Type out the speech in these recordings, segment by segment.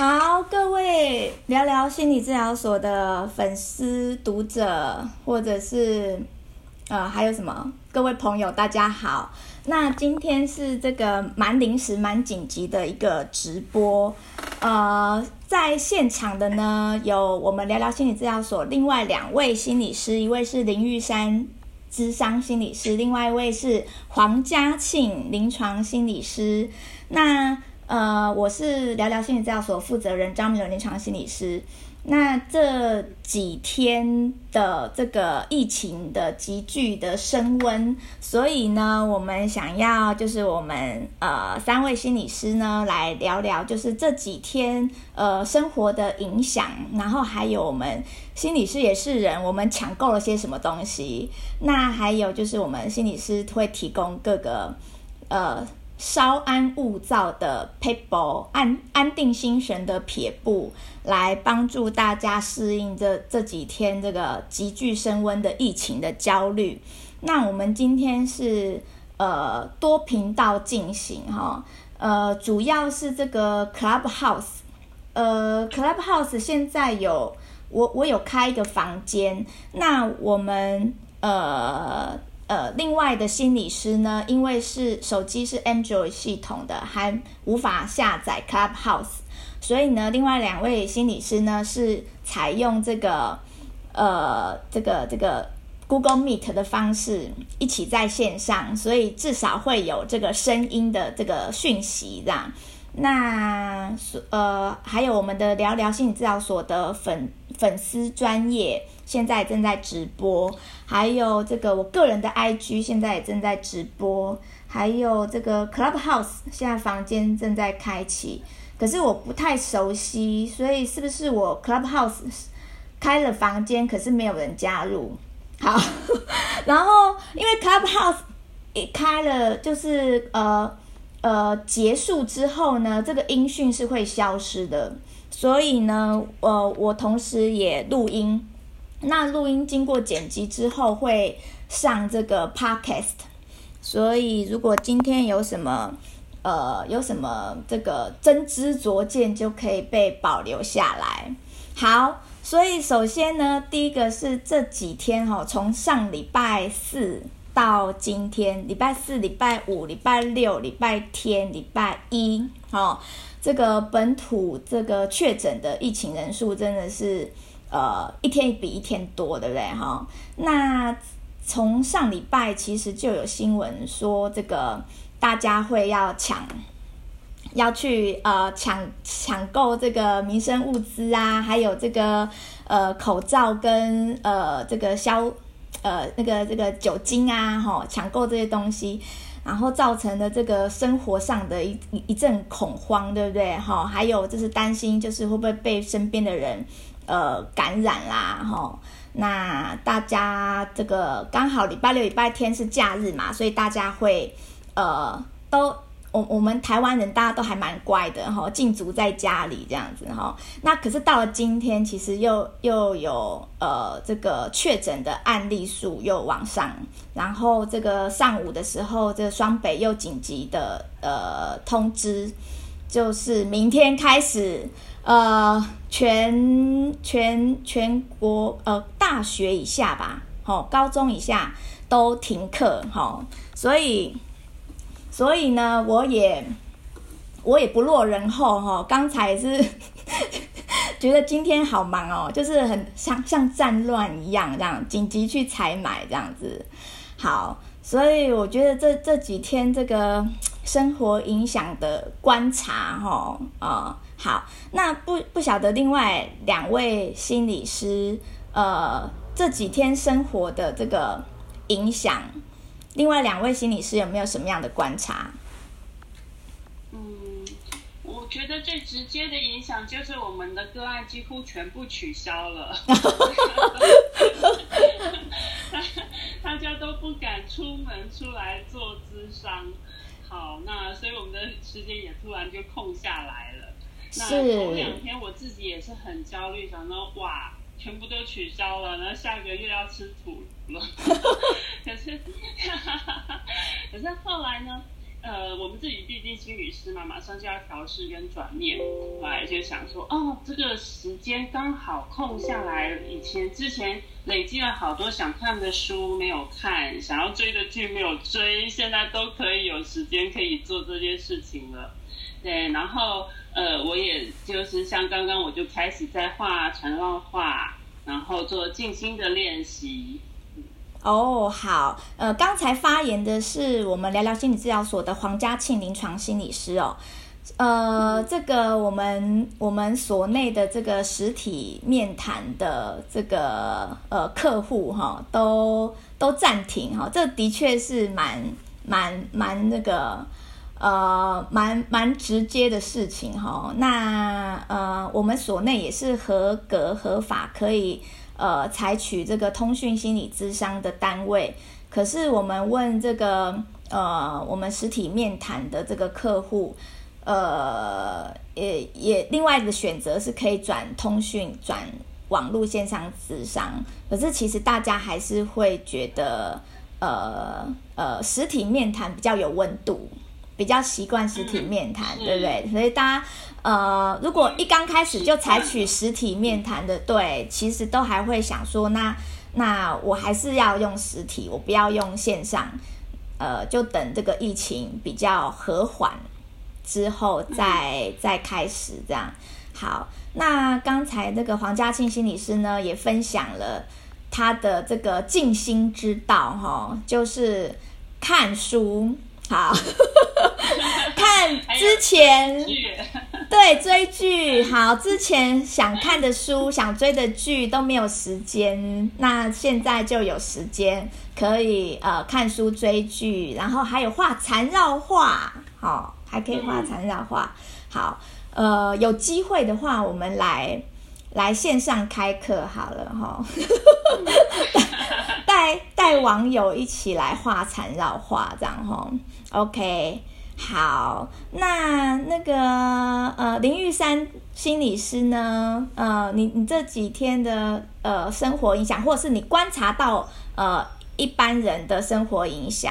好，各位聊聊心理治療所的粉絲、讀者，或者是，呃，還有什麼？各位朋友，大家好。那今天是這個蠻臨時、蠻緊急的一個直播。呃，在現場的呢，有我們聊聊心理治療所另外兩位心理師，一位是林玉珊諮商心理師，另外一位是黃家慶臨床心理師。那。呃，我是聊聊心理治療所負責人張銘倫臨床心理師。那這幾天的這個疫情的急劇的升溫，所以呢，我們想要就是我們呃三位心理師呢來聊聊，就是這幾天呃生活的影響，然後還有我們心理師也是人，我們搶購了些什麼東西，那還有就是我們心理師會提供各個呃。稍安勿躁的撇步、安安定心神的撇步來幫助大家適應這這幾天這個急劇升溫的疫情的焦慮。那我們今天是呃多頻道進行哈、哦，呃主要是這個 Clubhouse，呃 Clubhouse 現在有我我有開一個房間，那我們呃。呃，另外的心理師呢，因為是手機是 Android 系統的，還無法下載 Clubhouse，所以呢，另外兩位心理師呢是採用這個，呃，這個這個 Google Meet 的方式一起在線上，所以至少會有這個聲音的這個訊息，這樣。那呃，還有我們的聊聊心理治療所的粉粉絲專頁。現在正在直播，還有這個我個人的 IG 現在也正在直播，還有這個 Clubhouse 現在房間正在開啟，可是我不太熟悉，所以是不是我 Clubhouse 開了房間，可是沒有人加入？好，然後因為 Clubhouse 開了，就是呃呃結束之後呢，這個音訊是會消失的，所以呢，我、呃、我同時也錄音。那錄音經過剪輯之後會上這個 podcast，所以如果今天有什麼呃有什麼這個真知灼見，就可以被保留下來。好，所以首先呢，第一個是這幾天哈、哦，從上禮拜四到今天，禮拜四、禮拜五、禮拜六、禮拜天、禮拜一，哦，這個本土這個確診的疫情人數真的是。呃，一天比一天多，對不對？哈、哦，那從上禮拜其實就有新聞說，這個大家會要搶，要去呃搶搶購這個民生物資啊，還有這個呃口罩跟呃這個消呃那個這個酒精啊，哈、哦，搶購這些東西，然後造成了這個生活上的一一，一陣恐慌，對不對？哈、哦，還有就是擔心，就是會不會被身邊的人。呃，感染啦，吼、哦，那大家這個剛好禮拜六、禮拜天是假日嘛，所以大家會呃，都我我們台灣人大家都還蠻乖的，吼、哦，禁足在家裡這樣子，吼、哦。那可是到了今天，其實又又有呃，這個確診的案例數又往上，然後這個上午的時候，這個雙北又緊急的呃通知，就是明天開始。呃，全全全國呃，大學以下吧，好、哦，高中以下都停課，好、哦，所以，所以呢，我也，我也不落人後，哈、哦，剛才是呵呵，覺得今天好忙哦，就是很像像戰亂一樣這樣緊急去採買這樣子，好，所以我覺得這這幾天這個生活影響的觀察，哈、哦，啊、哦。好，那不不曉得另外兩位心理師，呃，這幾天生活的這個影響，另外兩位心理師有沒有什麼樣的觀察？嗯，我覺得最直接的影響就是我們的個案幾乎全部取消了，哈哈哈，大家都不敢出門出來做諮商。好，那所以我們的時間也突然就空下來了。那頭兩天我自己也是很焦慮，是想說哇，全部都取消了，然後下個月要吃土了。可是，可是後來呢？呃，我們自己畢竟是心理師嘛，馬上就要調試跟轉念，後來就想說，哦，這個時間剛好空下來，以前之前累積了好多想看的書沒有看，想要追的劇沒有追，現在都可以有時間可以做這件事情了。對，然後。呃，我也就是像剛剛，我就開始在畫禪繞畫，然後做靜心的練習。哦，oh, 好，呃，剛才發言的是我們聊聊心理治療所的黃家慶臨床心理師哦。呃，這個我們我們所內的這個實體面談的這個呃客戶哈、哦，都都暫停哈、哦，這個、的確是蠻蠻蠻那個。呃，蠻蠻直接的事情哈、哦。那呃，我們所內也是合格合法可以呃採取這個通訊心理諮商的單位。可是我們問這個呃，我們實體面談的這個客戶，呃，也也另外的選擇是可以轉通訊，轉網絡線上諮商。可是其實大家還是會覺得呃呃實體面談比較有溫度。比較習慣實體面談，嗯、對不對？所以大家，呃，如果一剛開始就採取實體面談的，對，其實都還會想說，那那我還是要用實體，我不要用線上，呃，就等這個疫情比較和緩之後再、嗯、再開始這樣。好，那剛才那個黃家慶心理師呢，也分享了他的這個靜心之道，哈、哦，就是看書。好看，之前追劇，對，追劇。好，之前想看的書，想追的劇，都沒有時間，那現在就有時間可以呃，看書追劇，然後還有畫禪繞畫，好，還可以畫禪繞畫。好，呃，有機會的話，我們來來線上開課好了齁，帶帶 網友一起來畫禪繞畫這樣哈。齁 OK，好，那那個呃，林玉珊心理師呢？呃，你你這幾天的呃生活影響，或者是你觀察到呃一般人的生活影響，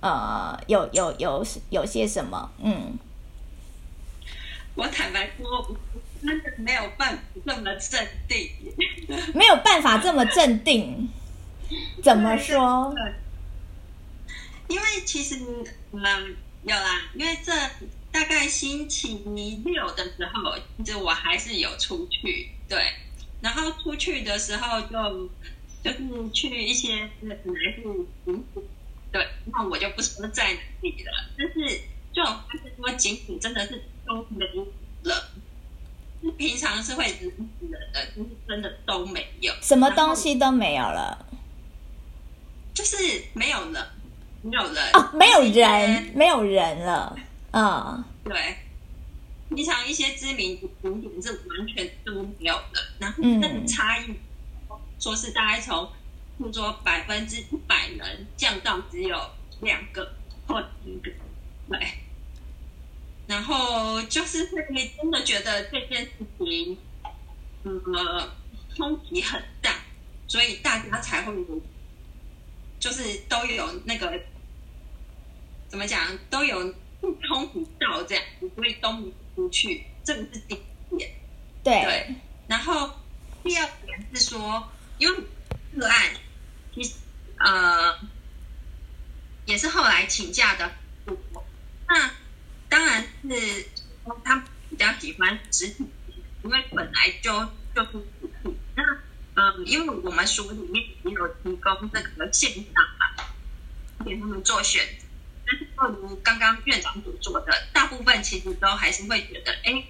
呃，有有有有些什麼？嗯，我坦白說，我真的沒有辦法那麼鎮定， 沒有辦法這麼鎮定，怎麼說？ 因為其實你。嗯，有啦，因為這大概星期六的時候，其實我還是有出去，對。然後出去的時候就就是去一些是可能是對。那我就不說在哪裡了，但、就是就發現說僅僅真的是都沒有了，平常是會冷死人的，就是真的都沒有，什麼東西都沒有了，就是沒有了。沒有人啊、哦，沒有人，沒有人了，啊，對，平常一些知名景點是完全都沒有的，然後那個差異、嗯、說是大概從，說百分之一百人降到只有兩個或一個，對，然後就是會真的覺得這件事情、嗯，呃，衝擊很大，所以大家才會有，就是都有那個。怎麼講？都有不通不道這樣，你不會東西不去，這個是第一點。對，對。然後第二點是說，因為個案，其實呃也是後來請假的，那當然是他比較喜歡實體，因為本來就就是實體。那嗯、呃，因為我們所裡面也有提供這個線上嘛，給他們做選擇。不如剛剛院長所說的，大部分其實都還是會覺得，哎，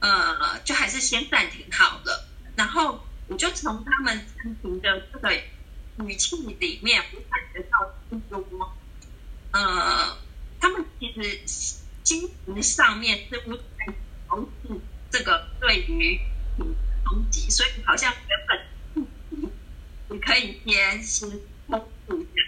呃，就還是先暫停好了。然後我就從他們暫停的這個語氣裡面，我感覺到似乎，呃，他們其實心情上面似乎在從事這個對於嗯攻擊，所以好像原本不你可以先先通知一下。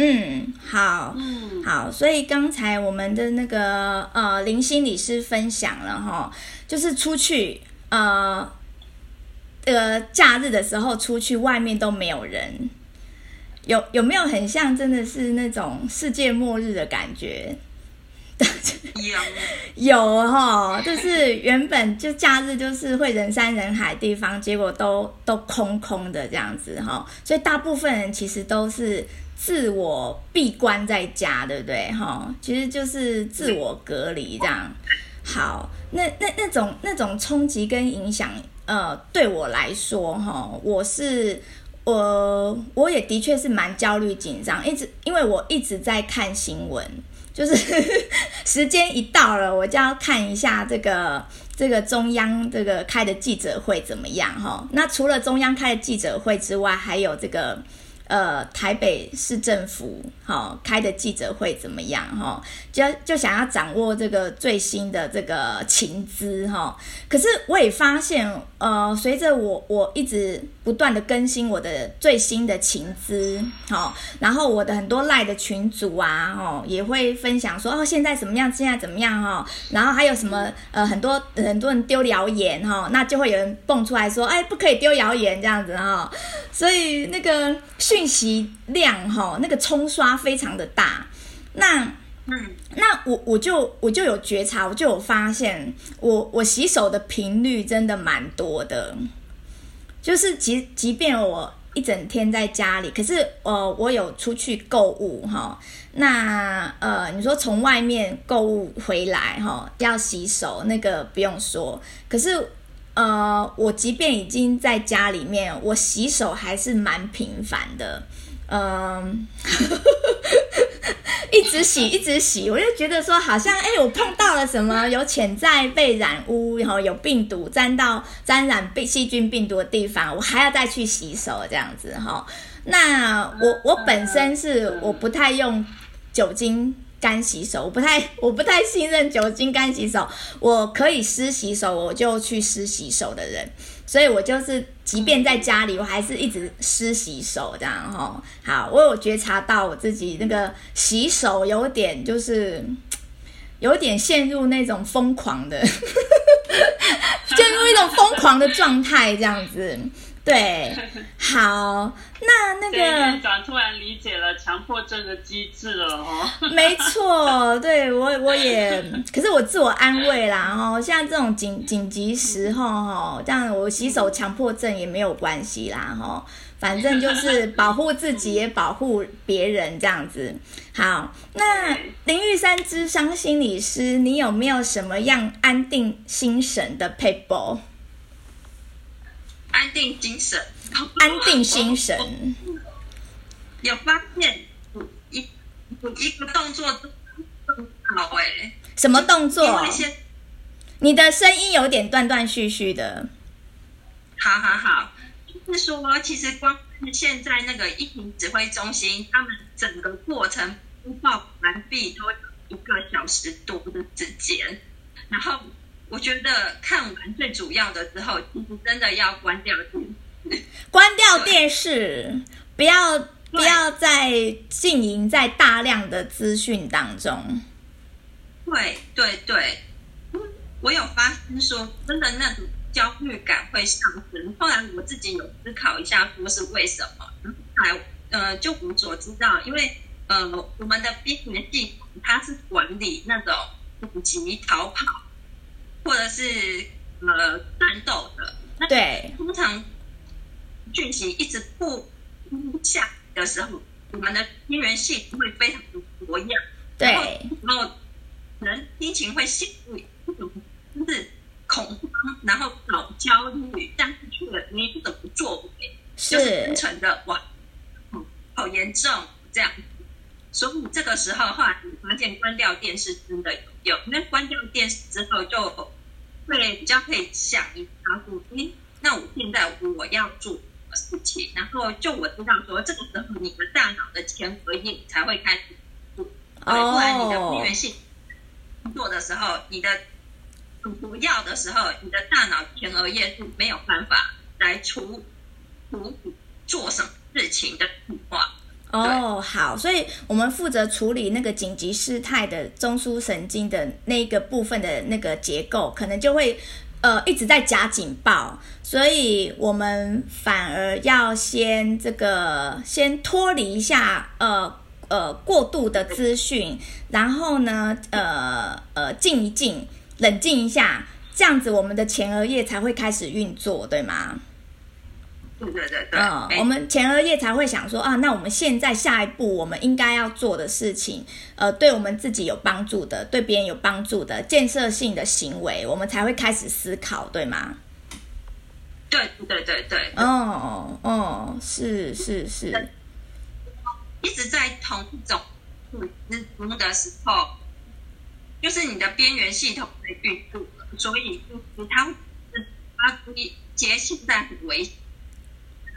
嗯，好，嗯，好，所以剛才我們的那個呃林心理師分享了哈，就是出去呃，呃假日的時候出去外面都沒有人，有有沒有很像真的是那種世界末日的感覺？有 有哈、哦，就是原本就假日就是會人山人海的地方，結果都都空空的這樣子哈、哦，所以大部分人其實都是自我閉關在家，對不對哈、哦？其實就是自我隔離這樣。好，那那那種那種衝擊跟影響，呃，對我來說哈、哦，我是我我也的確是蠻焦慮緊張，一直因為我一直在看新聞。就是時間一到了，我就要看一下這個這個中央這個開的記者會怎麼樣齁。那除了中央開的記者會之外，還有這個。呃，台北市政府哈、哦、開的記者會怎麼樣哈、哦？就就想要掌握這個最新的這個情資哈、哦。可是我也發現，呃，隨着我我一直不斷的更新我的最新的情資，好、哦，然後我的很多 LINE 的群組啊，吼、哦，也會分享說哦，現在怎麼樣？現在怎麼樣哈、哦？然後還有什麼呃，很多，呃、很多人丟謠言哈、哦，那就會有人蹦出來說，哎，不可以丟謠言這樣子哈、哦。所以那個訊息量、哦、那個沖刷非常的大。那，嗯，那我我就我就有覺察，我就有發現，我我洗手的頻率真的蠻多的。就是即即便我一整天在家裡，可是，呃、我有出去購物哈、哦。那呃，你說從外面購物回來哈、哦，要洗手那個不用說，可是，呃，我即便已經在家裡面，我洗手還是蠻頻繁的，嗯、呃， 一直洗一直洗，我就覺得說好像，哎，我碰到了什麼有潛在被染污，然後有病毒沾到沾染被細菌病毒的地方，我還要再去洗手這樣子哈、哦。那我我本身是我不太用酒精。乾洗手，我不太，我不太信任酒精乾洗手。我可以濕洗手，我就去濕洗手的人。所以我就是，即便在家裡，我還是一直濕洗手這樣。齁，好，我有覺察到我自己那個洗手有點，就是有點陷入那種瘋狂的， 陷入一種瘋狂的狀態，這樣子。對，好，那那個突然理解了強迫症的機製了哦。 沒錯，對我我也，可是我自我安慰啦，哦，像在這種緊緊急時候哦，這樣我洗手強迫症也沒有關係啦，哦，然反正就是保護自己也保護別人這樣子。好，那林玉珊諮商心理師，你有沒有什麼樣安定心神的撇步？安定精神，哦、安定心神。有發現有一，一有一個動作都很好哎，欸。什麼動作？你的聲音有點斷斷續續的。好好好，就是說，其實光現在那個疫情指揮中心，他們整個過程播報完畢，都一個小時多的時間，然後。我覺得看完最主要的之後，其實真的要關掉電視，關掉電視，對不要對不要再浸淫在大量的資訊當中。對對對，我有發現說真的那種焦慮感會上升。後來我自己有思考一下，說是為什麼？然後來呃，就我所知道，因為呃，我們的邊緣系統它是管理那種緊急逃跑。或者是呃戰鬥的，那對通常疫情一直不不下的時候，我、嗯、們的邊緣系統會非常的活躍對，然後然後人心情會陷入、嗯、就是恐慌，然後老焦慮，但是去了你不懂做，是就是單純的哇、嗯，好嚴重這樣。所以這個時候的話，你發現關掉電視真的有用，因為關掉電視之後就。會比較會想一下，哎、啊，那我現在我要做什麼事情？然後就我知道說，這個時候你的大腦的前額葉才會開始，對，oh. 不然你的邊緣性工作的時候，你的不要的時候，你的大腦前額葉是沒有辦法來處理做什麼事情的計劃。哦，oh, 對好，所以我們負責處理那個緊急事態的中樞神經的那一個部分的那個結構，可能就會，呃，一直在假警報，所以我們反而要先這個先脫離一下，呃呃過度的資訊，然後呢，呃呃靜一靜，冷靜一下，這樣子我們的前額葉才會開始運作，對嗎？對對對，嗯、oh, 欸，我們前額葉才會想說啊，那我們現在下一步我們應該要做的事情，呃，對我們自己有幫助的，對別人有幫助的，建設性的行為，我們才會開始思考，對嗎？對，對對對對，哦哦，是是是，一直在同一種的時候，就是你的邊緣系統被定住了，所以就他會他以覺得現在很危險。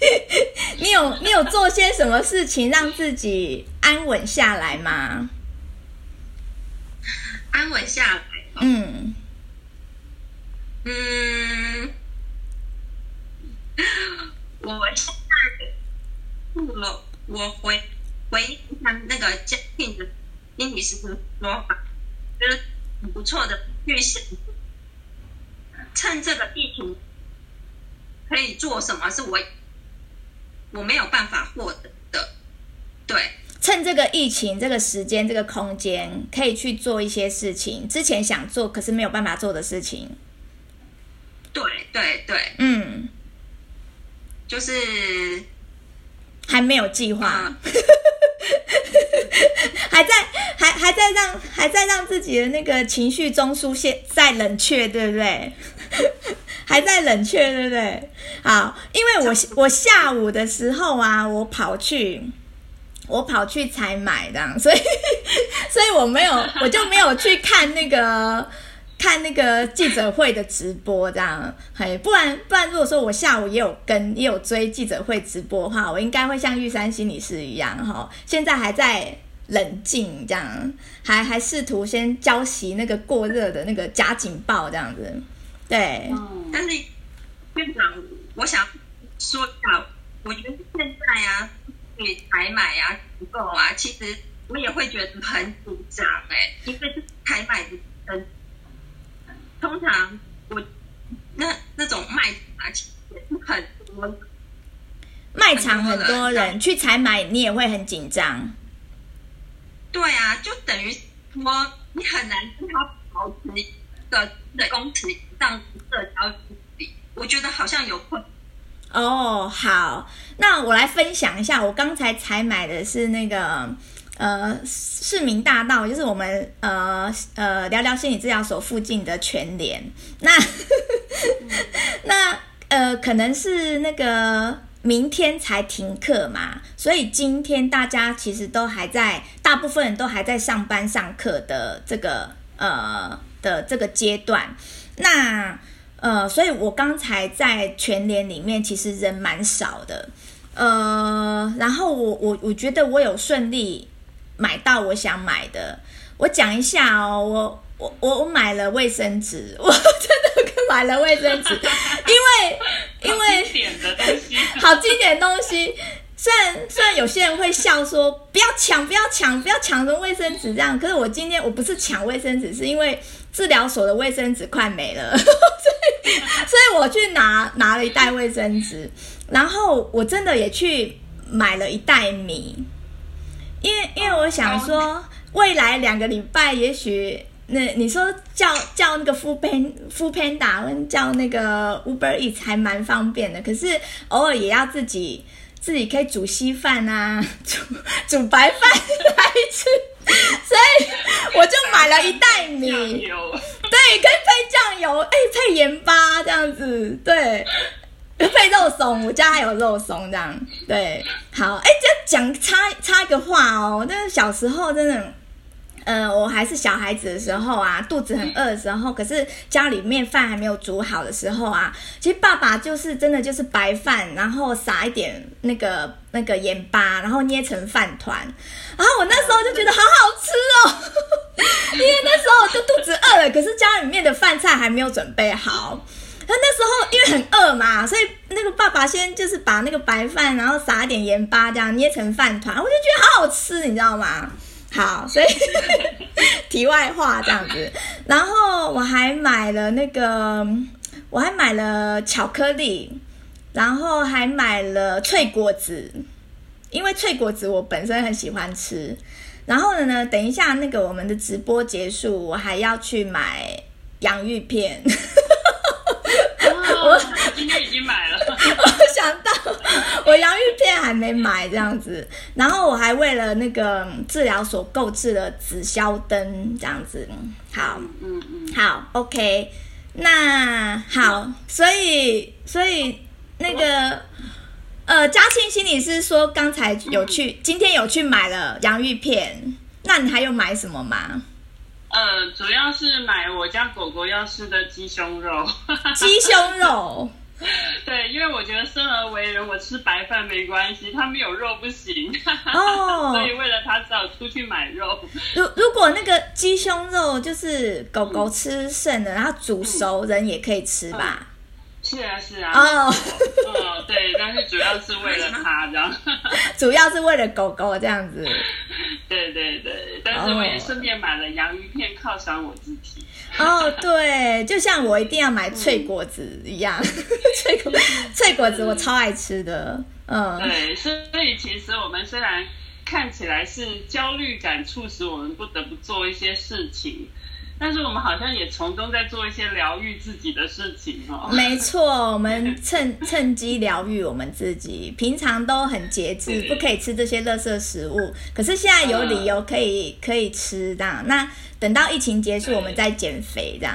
你有你有做些什麼事情讓自己安穩下來嗎？安穩下來、哦。嗯嗯，我現在做我回回憶一下那個嘉賓的英語是不是說法，覺、就是挺不錯的句式。趁這個疫情可以做什麼？是我。我沒有辦法獲得，對，趁這個疫情、這個時間、這個空間，可以去做一些事情，之前想做可是沒有辦法做的事情。對對對，對對，嗯，就是還沒有計劃，嗯、 還在還還在讓還在讓自己的那個情緒中樞現在冷卻，對不對？ 還在冷卻，對不對？好，因為我我下午的時候啊，我跑去我跑去採買這樣，所以所以我沒有我就沒有去看那個 看那個記者會的直播這樣，嘿，不然不然如果說我下午也有跟也有追記者會直播的話，我應該會像玉珊心理師一樣哈，現在還在冷靜這樣，還還試圖先澆熄那個過熱的那個假警報這樣子。對，但是院長，我想說一下，我覺得現在呀、啊、去採買呀、啊、不夠啊，其實我也會覺得很緊張哎、欸，因為就採買的人，通常我那那種賣而且也是很多賣場很多人但去採買，你也會很緊張。對啊，就等於說你很難跟他保持一個的工期。上我覺得好像有困。哦，Oh, 好，那我來分享一下，我剛才才買的是那個呃市民大道，就是我們呃呃聊聊心理治療所附近的全聯。那、mm hmm. 那呃，可能是那個明天才停課嘛，所以今天大家其實都還在，大部分人都還在上班上課的這個呃的這個階段。那呃，所以我剛才在全聯裡面，其實人蠻少的。呃，然後我我我覺得我有順利買到我想買的。我講一下哦，我我我我買了衛生紙，我真的買了衛生紙，因為因為好經典的東西，好經典的東西。雖然雖然有些人會笑說不要搶，不要搶，不要搶什麼衛生紙這樣，可是我今天我不是搶衛生紙，是因為。治療所的衛生紙快沒了， 所以所以我去拿拿了一袋衛生紙，然後我真的也去買了一袋米，因為因為我想說未來兩個禮拜，也許那你，你說叫叫那個 foodpanda，foodpanda 打，跟叫那個 Uber Eats 還蠻方便的，可是偶爾也要自己。自己可以煮稀飯吶、啊，煮煮白飯來吃，所以我就買了一袋米。對，可以配醬油，哎、欸，配鹽巴這樣子，對，配肉鬆，我家還有肉鬆這樣，對，好，哎、欸，這講插插一個話哦，就、這、是、個、小時候真的。呃，我還是小孩子的時候啊，肚子很餓的時候，可是家裡面飯還沒有煮好的時候啊，其實爸爸就是真的就是白飯，然後撒一點那個那個鹽巴，然後捏成飯糰，然後我那時候就覺得好好吃哦， 因為那時候我就肚子餓了，可是家裡面的飯菜還沒有準備好，然後那時候因為很餓嘛，所以那個爸爸先就是把那個白飯，然後撒一點鹽巴，這樣捏成飯糰，我就覺得好好吃，你知道嗎？好，所以 題外話這樣子。 然後我還買了那個，我還買了巧克力，然後還買了翠菓子，因為翠菓子我本身很喜歡吃。然後呢，等一下那個我們的直播結束，我還要去買洋芋片。哦、 我今天已經買了。 我洋芋片還沒買這樣子，然後我還為了那個治療所購置了紫消燈，這樣子。好，嗯好，OK。那好，所以所以那個呃，家慶心理師說剛才有去，今天有去買了洋芋片，那你還有買什麼嗎？呃，主要是買我家狗狗要吃的雞胸肉，雞胸肉。對，因為我覺得生而為人，我吃白飯沒關係，他沒有肉不行，哦， 所以為了他，只好出去買肉。如如果那個雞胸肉就是狗狗吃剩的，嗯、然後煮熟，嗯、人也可以吃吧？哦、是啊，是啊。哦，哦對，但是主要是為了他 這樣，主要是為了狗狗這樣子。對對對，但是我也順便買了洋芋片犒賞我自己。.哦， oh, 對，就像我一定要買翠菓子一樣，翠菓、嗯、 翠菓子我超愛吃的，對嗯。對，所以其實我們雖然看起來是焦慮感促使我們不得不做一些事情。但是我們好像也從中在做一些療癒自己的事情哦。沒錯，我們趁趁機療癒我們自己，平常都很節制，不可以吃這些垃圾食物。對可是現在有理由可以、呃、可以吃這樣，那等到疫情結束，我們再減肥這樣。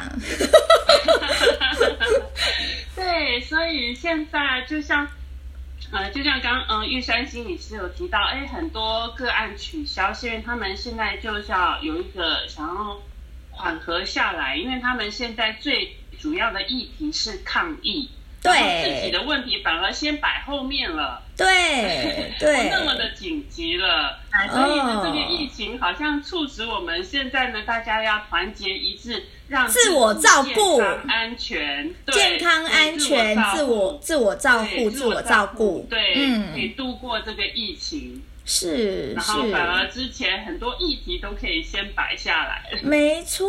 對， 對，所以現在就像，呃，就像剛、剛嗯，玉珊心理師有提到誒，很多個案取消，是因為他們現在就是要有一個想要。緩和下來，因為他們現在最主要的議題是抗疫，對自己的問題反而先擺後面了。對，對，那麼的緊急了。所以呢，這個疫情，好像促使我們現在呢，大家要團結一致，讓自我照顧、安全、健康、安全、自我、自我照顧、自我照顧，對，可以度過這個疫情。是，然後反而之前是很多議題都可以先擺下來。沒錯，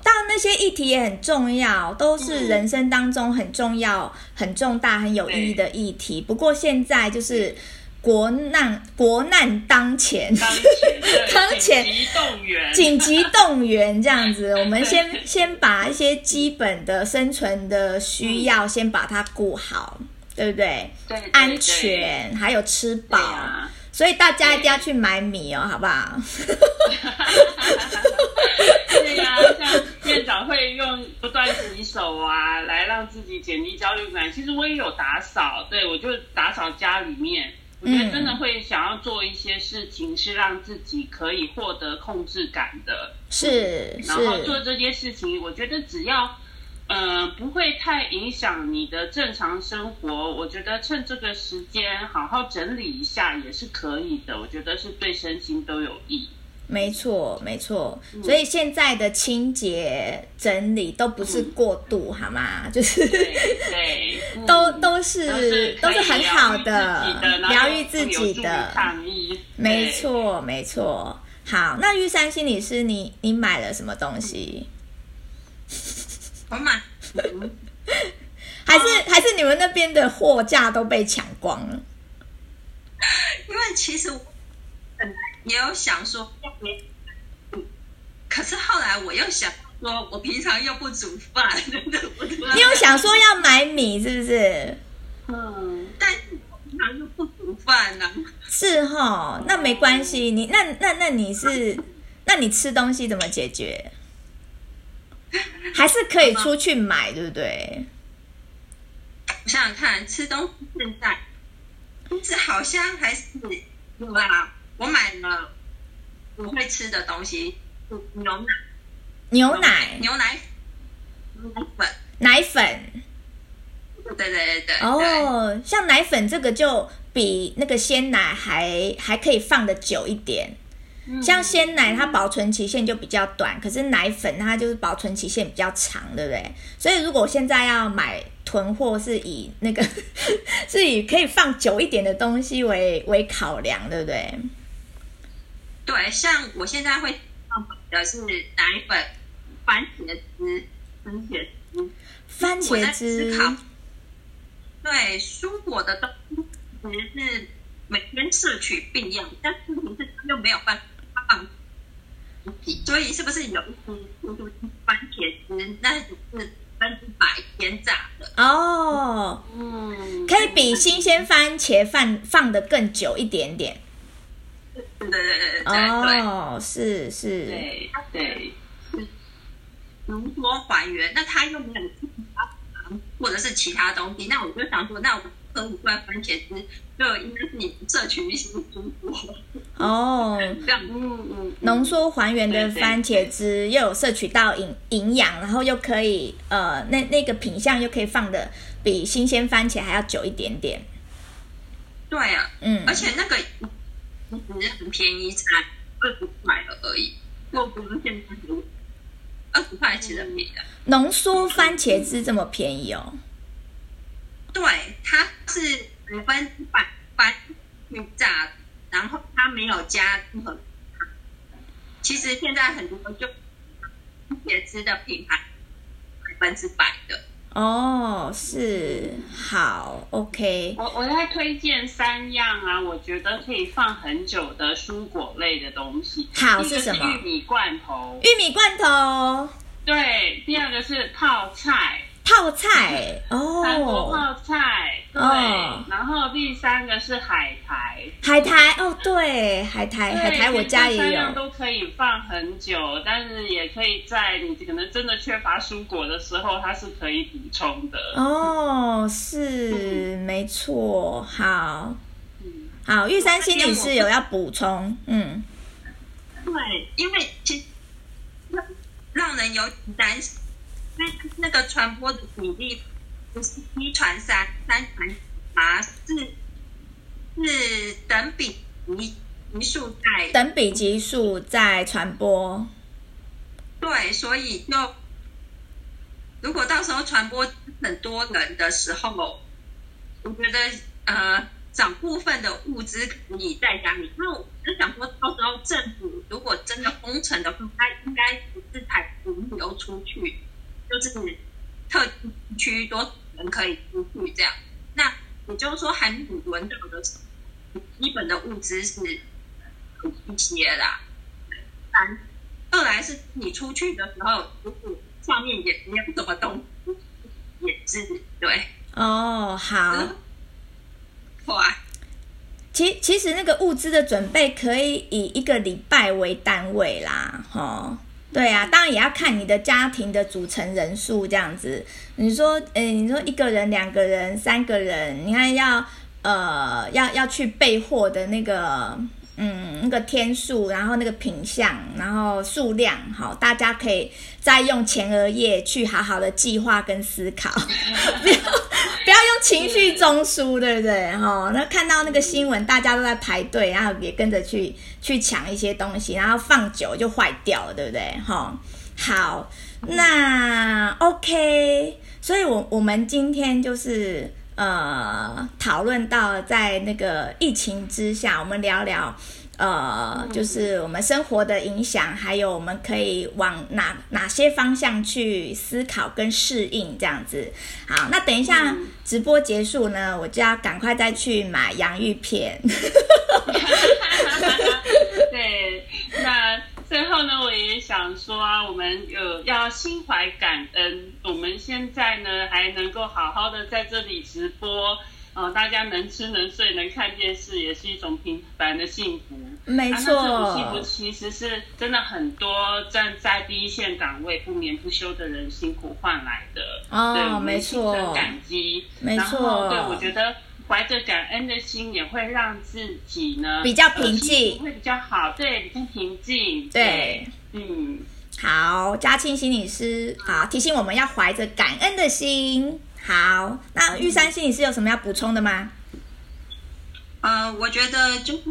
當然那些議題也很重要，都是人生當中很重要、很重大、很有意義的議題。對不過現在就是國難，國難當前，當前，緊急動員，緊急動員這樣子，對我們先先把一些基本的生存的需要先把它顧好，對不對？對，對對，安全，對對，還有吃飽，啊、所以大家一定要去買米哦，對好不好？ 對呀、啊，像院長會用不斷洗手啊， 來讓自己減低焦慮感。其實我也有打掃，對，我就打掃家裡面。我覺得真的會想要做一些事情，是讓自己可以獲得控制感的。是，嗯、是然後做這些事情，我覺得只要。呃，不會太影響你的正常生活。我覺得趁這個時間好好整理一下也是可以的。我覺得是對身心都有益。沒錯，沒錯。所以現在的清潔、嗯、整理都不是過度，嗯、好嗎？就是對，對嗯、都都是，是都是很好的，療癒自己的，抗愈、嗯、對沒錯，沒錯。好，那玉珊心理師你，你你買了什麼東西？嗯好嗎？ 還是、哦、還是你們那邊的貨架都被搶光了？因為其實本來也有想說，可是後來我又想說，我平常又不煮飯，你有想說要買米是不是？嗯，但是我平常又不煮飯呢、啊。是哈、哦，那沒關係，你那那那你是，那你吃東西怎麼解決？還是可以出去買，吧對不對？我想想看，吃東西現在是好像還是我買了我會吃的東西，牛奶牛奶、牛奶、牛奶粉、奶粉。奶粉對對對對。哦，對像奶粉這個就比那個鮮奶還還可以放得久一點。像鮮奶，它保存期限就比較短，可是奶粉它就是保存期限比較長，對不對？所以如果現在要買囤貨，是以那個 是以可以放久一點的東西為為考量，對不對？對，像我現在會放的是奶粉、番茄汁、番茄汁、番茄汁。對，蔬果的東西是每天攝取並用，但是你是又沒有辦法。嗯、所以是不是有一些、嗯嗯嗯、番茄汁，那只是百分之百天然的哦，嗯，嗯嗯，可以比新鮮番茄放放得更久一點點。對對對。對對哦，是對是，對對，濃縮還原，那他又沒有其，或者是其他東西，東西嗯、那我就想說，那我們喝五罐番茄汁，就應該是你們社群，維生素多。 哦，濃縮、嗯、還原的番茄汁又有攝取到營對營養，然後又可以呃，那那個品相又可以放的比新鮮番茄還要久一點點。對啊，嗯，而且那個，我覺得很便宜，才二十塊而已，又不是現在20是二十塊錢人民幣的濃縮、嗯、番茄汁這麼便宜哦？對，它是五分半，百五咋？然後它沒有加任何糖，其實現在很多就椰子的品牌百分之百的。哦，是好，OK。我我再推薦三樣啊，我覺得可以放很久的蔬果類的東西。好，是什麼？玉米罐頭。玉米罐頭。對，第二個是泡菜。泡菜。哦。韓國泡菜。對哦，然後第三個是海苔。海苔哦，對，海苔海苔，我家也有。三都可以放很久，但是也可以在你可能真的缺乏蔬果的時候，它是可以補充的。哦，是、嗯、沒錯，好。嗯、好，玉珊心理師有要補充，嗯。對，因為其實讓人有擔心，那那個傳播的鼓勵一傳三，三傳啊四，是等比級級數在等比級數在傳播。對，所以就如果到時候傳播很多人的時候，我覺得呃，找部分的物資可以在家裡，那我只想說到時候政府如果真的封城的話，它應該不是太人流出去，就是特區多。可以出去這樣，那也就是說，韓語文島的基本的物資是一些的啦。三，二來是你出去的時候，如果上面也也不怎麼懂，也是對。哦，好，乖哇。其其實那個物資的準備可以以一個禮拜為單位啦，齁。對啊，當然也要看你的家庭的組成人數這樣子。你說，誒，你說一個人、兩個人、三個人，你看要，呃，要要去備貨的那個。嗯，那個天數，然後那個品項，然後數量，好，大家可以再用前額葉去好好的計劃跟思考， 不要不要用情緒中樞，對不對？哈、哦，那看到那個新聞，大家都在排隊，然後也跟着去去搶一些東西，然後放久就壞掉了，對不對？哈、哦，好，那 OK，所以我我們今天就是。呃，討論到在那個疫情之下，我們聊聊呃，嗯、就是我們生活的影響，還有我們可以往哪哪些方向去思考跟適應這樣子。好，那等一下直播結束呢，嗯、我就要趕快再去買洋芋片。 對，那。最後呢，我也想說啊，我們有要心懷感恩。我們現在呢，還能夠好好的在這裡直播，啊、呃，大家能吃能睡能看電視，也是一種平凡的幸福。沒錯，幸福、啊、其實是真的很多站在第一線崗位不眠不休的人辛苦換來的。哦，沒錯，感激。沒錯，對，我覺得。懷着感恩的心，也會讓自己呢，比較平靜，會比較好。對，比較平靜。對，嗯，好，家慶心理師好，提醒我們要懷着感恩的心。好，嗯、那玉珊心理師有什麼要補充的嗎？嗯呃、我覺得就是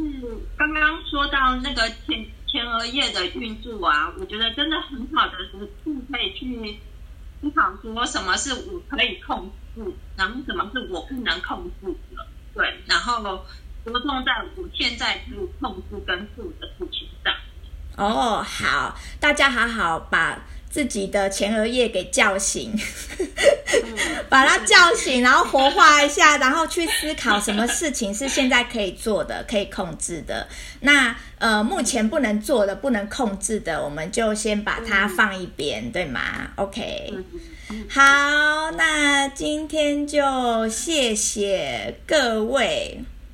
剛剛說到那個前前額葉的運作啊，我覺得真的很好的是，可以去思考說什麼是我可以控制。是、嗯，然後什麼是我不能控制的？對，然後着重在我現在能控制跟做的事情上。哦，好，大家好好把自己的前額葉給叫醒， 把它叫醒，然後活化一下， 然後去思考什麼事情是現在可以做的、 可以控制的。那呃，目前不能做的、不能控制的，我們就先把它放一邊，嗯、對嗎？OK、嗯。好，那今天就謝謝各位。